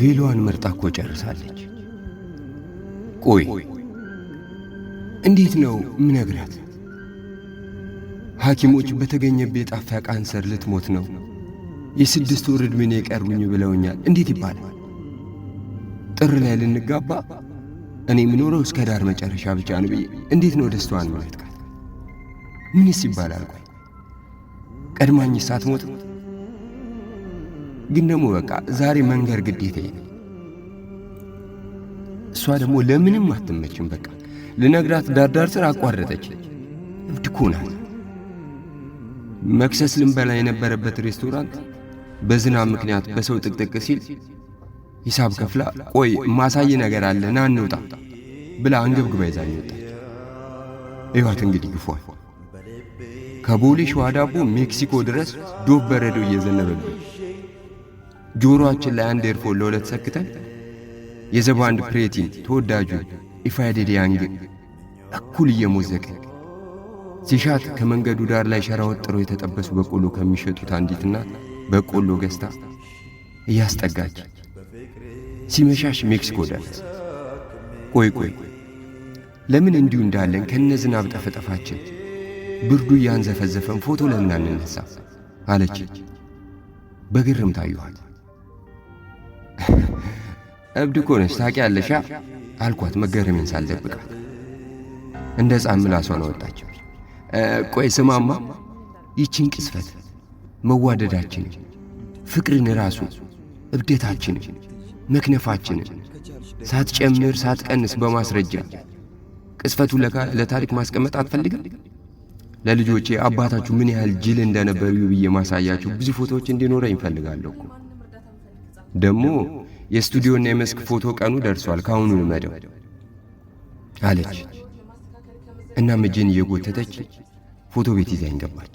ቬሎዋን መርጣ እኮ ጨርሳለች። ቆይ እንዴት ነው ምነግራት? ሐኪሞች በተገኘበት የጣፋ ካንሰር ልትሞት ነው፣ የስድስት ወር ዕድሜ ነው የቀሩኝ ብለውኛል። እንዴት ይባላል? ጥር ላይ ልንጋባ እኔ የምኖረው እስከ ዳር መጨረሻ ብቻ ነው ብዬ እንዴት ነው ደስታዋን መነጥቃት? ምንስ ይባላል? ቆይ ቀድማኝ ሳትሞት ግን ደግሞ በቃ ዛሬ መንገር ግዴታዬ ነው። እሷ ደግሞ ለምንም አትመችም። በቃ ልነግራት ዳርዳር ስር አቋረጠች። እብድ እኮ ናት። መክሰስ ልንበላ የነበረበት ሬስቶራንት በዝናብ ምክንያት በሰው ጥቅጥቅ ሲል ሂሳብ ከፍላ ቆይ ማሳይ ነገር አለ ና እንውጣ ብላ አንገብግባ ይዛ ወጣች። እዩዋት እንግዲህ ግፏል። ከቦሌ ሸዋ ዳቦ ሜክሲኮ ድረስ ዶብ በረዶ እየዘነበብኝ ጆሮአችን ላይ አንድ ኤርፎን ለሁለት ሰክተን የዘባንድ ፕሬቲን ተወዳጁ ኢፋይዴዲያንግ እኩል እየሞዘቀ ሲሻት ከመንገዱ ዳር ላይ ሸራ ወጥረው የተጠበሱ በቆሎ ከሚሸጡት አንዲት እናት በቆሎ ገዝታ እያስጠጋች ሲመሻሽ ሜክሲኮ ደረስ። ቆይ ቆይ ለምን እንዲሁ እንዳለን ከነ ዝናብ ጠፈጠፋችን ብርዱ እያንዘፈዘፈን ፎቶ ለምን አንነሳ አለች። በግርም ታየኋት። እብድ እኮ ነች ታውቂያለሻ አልኳት መገረሜን ሳልደብቃት። እንደ ሕፃን ምላሷን አወጣችው። ቆይ ስማማ፣ ይችን ቅስፈት መዋደዳችን፣ ፍቅርን ራሱ እብደታችን፣ መክነፋችን ሳትጨምር ሳትቀንስ በማስረጃ ቅስፈቱ ለታሪክ ማስቀመጥ አትፈልግም? ለልጆቼ አባታችሁ ምን ያህል ጅል እንደነበሩ ብዬ ማሳያችሁ ብዙ ፎቶዎች እንዲኖረ ይፈልጋለሁ ደግሞ የስቱዲዮና የመስክ ፎቶ ቀኑ ደርሷል፣ ከአሁኑ ልመደው አለች። እናም እጄን እየጎተተች ፎቶ ቤት ይዛኝ ገባች።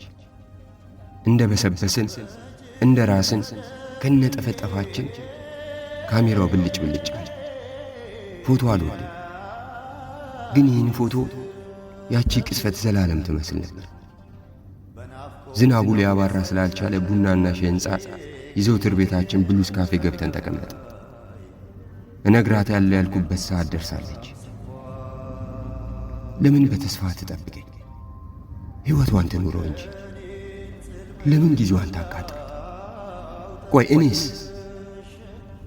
እንደ በሰበስን እንደ ራስን ከነ ጠፈጠፋችን ካሜራው ብልጭ ብልጭ አለ። ፎቶ አልወድም፣ ግን ይህን ፎቶ ያቺ ቅስፈት ዘላለም ትመስል ነበር። ዝናቡ ሊያባራ ስላልቻለ ቡናና ሸንጻ ይዘውትር ቤታችን ብሉስ ካፌ ገብተን ተቀመጠ። ያለ ያልኩበት ሰዓት ደርሳለች። ለምን በተስፋ ትጠብቀኝ? ሕይወቷን ትኑረው እንጂ ለምን ጊዜዋን ታቃጥል? ቆይ እኔስ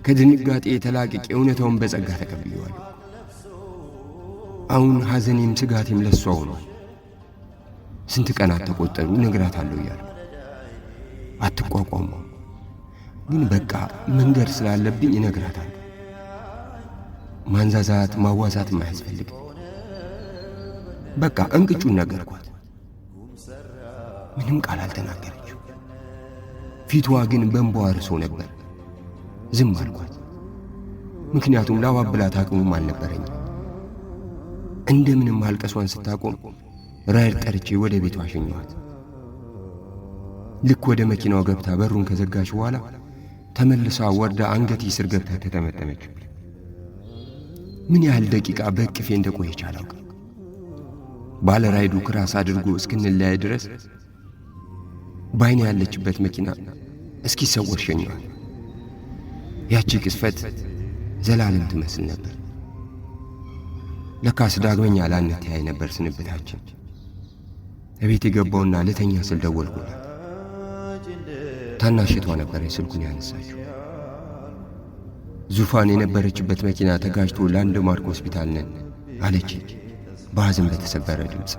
ከድንጋጤ የተላቀቄ እውነታውን በጸጋ ተቀብየዋለሁ። አሁን ሐዘኔም ስጋቴም ለሷ ሆኗል። ስንት ቀናት ተቆጠሩ። እነግራታለሁ እያልኩ አትቋቋመው ግን በቃ መንገድ ስላለብኝ እነግራታለሁ። ማንዛዛት ማዋዛት ማያስፈልግ በቃ እንቅጩን ነገርኳት። ምንም ቃል አልተናገረችው። ፊቷ ግን በንቧ ርሶ ነበር። ዝም አልኳት። ምክንያቱም ላባብላት አቅሙም አልነበረኝም። እንደምንም አልቀሷን ስታቆም ራይድ ጠርቼ ወደ ቤቷ አሸኘኋት። ልክ ወደ መኪናው ገብታ በሩን ከዘጋች በኋላ ተመልሳ ወርዳ አንገቴ ስር ገብታ ተጠመጠመችብኝ። ምን ያህል ደቂቃ በእቅፌ እንደቆየች አላውቅም። ባለ ራይዱ ክራስ አድርጎ እስክንለያይ ድረስ በአይኔ ያለችበት መኪና እስኪሰወር ሸኘዋል። ያቺ ቅስፈት ዘላለም ትመስል ነበር። ለካስ ዳግመኛ ላንተያይ ነበር ስንብታችን። እቤት የገባውና ልተኛ ስል ደወልኩላት። ታናሽቷ ነበር ስልኩን ያነሳችው። ዙፋን የነበረችበት መኪና ተጋጅቶ ላንድማርክ ሆስፒታል ነን አለች በሐዘን በተሰበረ ድምፅ።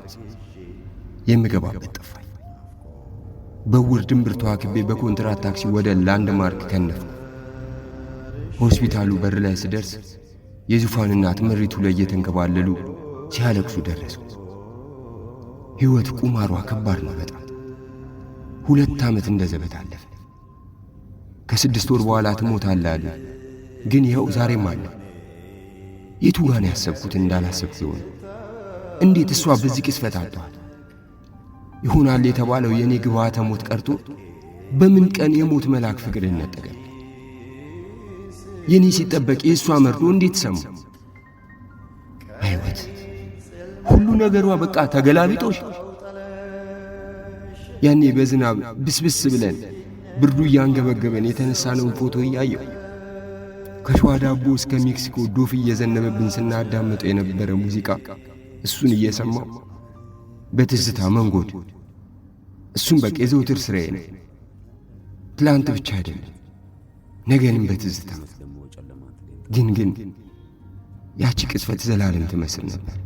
የምገባበት ጠፋኝ። በውር ድንብር ተዋክቤ በኮንትራት ታክሲ ወደ ላንድማርክ ከነፍ። ሆስፒታሉ በር ላይ ስደርስ የዙፋን እናት ላይ እየተንከባለሉ ሲያለቅሱ ደረሱ። ሕይወት ቁማሯ ከባድ ነው በጣም። ሁለት ዓመት እንደ ዘበት አለፈ። ከስድስት ወር በኋላ ትሞታለህ አሉ። ግን ይኸው ዛሬም አለ። የቱ ጋን ያሰብኩት እንዳላሰብኩ ይሆን? እንዴት እሷ በዚህ ቅስፈት አጣኋት? ይሆናል የተባለው የእኔ ግብዓተ ሞት ቀርቶ በምን ቀን የሞት መልአክ ፍቅር ይነጠቀል? የእኔ ሲጠበቅ የእሷ መርዶ እንዴት ሰሙ? አይወት ሁሉ ነገሯ በቃ ተገላቢጦሽ። ያኔ በዝናብ ብስብስ ብለን ብርዱ እያንገበገበን የተነሳነውን ፎቶ እያየው ከሸዋ ዳቦ እስከ ሜክሲኮ ዶፍ እየዘነበብን ስናዳመጠው የነበረ ሙዚቃ እሱን እየሰማው በትዝታ መንጎድ። እሱን በቃ የዘውትር ስራዬ ነው። ትላንት ብቻ አይደለም ነገንም በትዝታ ግን ግን ያቺ ቅጽበት ዘላለም ትመስል ነበር።